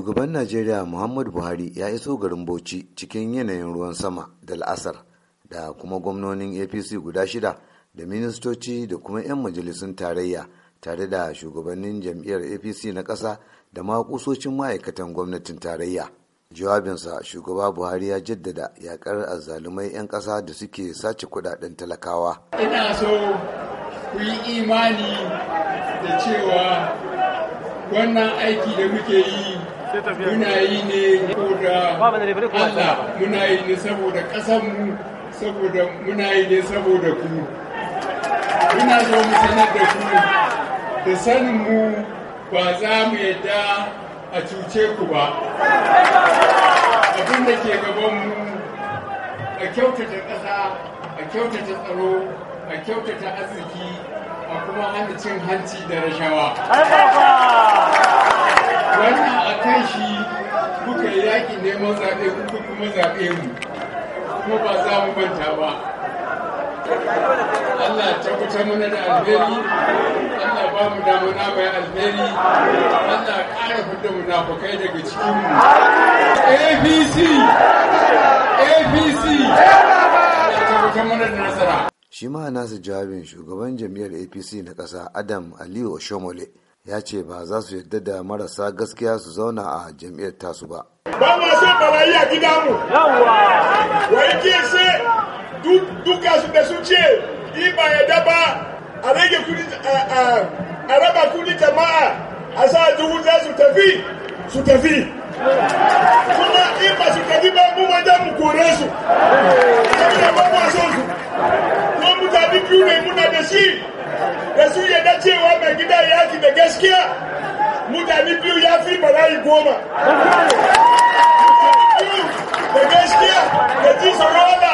shugaban najeriya muhammadu buhari ya iso garin bauchi cikin yanayin ruwan sama da la'asar da kuma gwamnonin apc guda shida da ministoci da kuma 'yan majalisun tarayya tare da shugabannin jam'iyyar apc na ƙasa da ma ma'aikatan gwamnatin tarayya jawabinsa shugaba buhari ya jaddada yakar azzalumai 'yan ƙasa da suke sace kudaden talakawa ina so ku yi imani da cewa wannan aiki da muke yi muna yi ne saboda Allah muna yi ne saboda ƙasanmu saboda muna yi ne saboda ku muna zo mu sanar da ku da sanin mu ba za mu yadda a cuce ku ba abin da ke gabanmu a kyautata ƙasa a kyautata tsaro a kyautata arziki a kuma hana cin hanci da rashawa yaƙi neman zaɓe kuka kuma zaɓe mu kuma ba za mu manta ba Allah ta kuta mana da alheri Allah ba mu damuna mai alheri Allah ƙara fita munafukai daga cikin mu APC APC nasara shi ma nasu jawabin shugaban jami'ar APC na ƙasa Adam Aliyu Oshomole ya ce ba za su yarda da marasa gaskiya su zauna a jam'iyyar tasu ba. Ba ma so barayi a gida mu. Wa yake se duka su da su ce in ba yarda ba a rage kudi a raba kudi jama'a a sa dubu za su tafi su tafi. Kuma in ba su tafi ba mu ma mu kore su. Saboda ba ma so su. Ko mutane biyu ne muna da shi da su da cewa mai gida ya fi da gaskiya mutane biyu ya fi bala'i goma da gaskiya da ji sarwala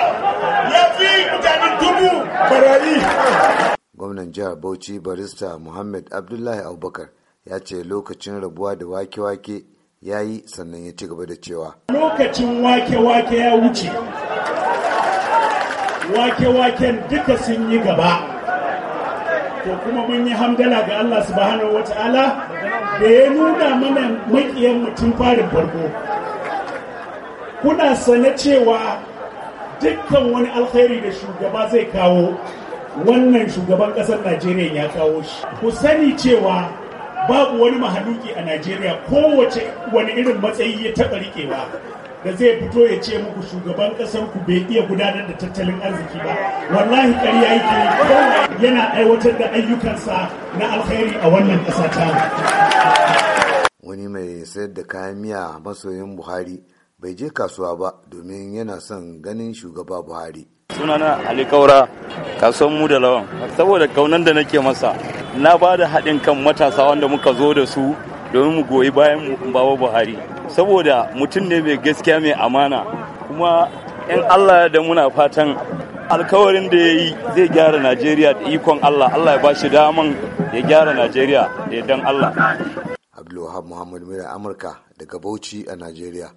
ya fi mutane dubu barayi gwamnan jihar bauchi barista muhammad abdullahi abubakar ya ce lokacin rabuwa da wake-wake ya yi sannan ya ci gaba da cewa lokacin wake-wake ya wuce wake-waken duka sun yi gaba to kuma mun yi hamdala ga Allah subhanahu wa ta'ala da ya nuna mana makiyan mutum farin farko kuna sane cewa dukkan wani alkhairi da shugaba zai kawo wannan shugaban ƙasar najeriya ya kawo shi ku sani cewa babu wani mahaluki a najeriya kowace wani irin matsayi ya taɓa riƙewa da zai fito ya ce muku shugaban ƙasar ku bai iya gudanar da tattalin arziki ba wallahi ƙarya yake yana aiwatar da ayyukansa na alkhairi a wannan ƙasa ta wani mai sayar da kayan miya masoyin buhari bai je kasuwa ba domin yana son ganin shugaba buhari sunana ali kaura kasuwan mu da lawan saboda kaunan da nake masa na ba da haɗin kan matasa wanda muka zo da su domin mu goyi bayan bawa buhari saboda mutum ne mai gaskiya mai amana kuma in Allah da muna fatan alkawarin da ya yi zai gyara Najeriya da ikon Allah Allah ya bashi daman ya gyara Najeriya da ya dan Allah Abdulwahab Muhammad Mira Amurka daga Bauchi a Najeriya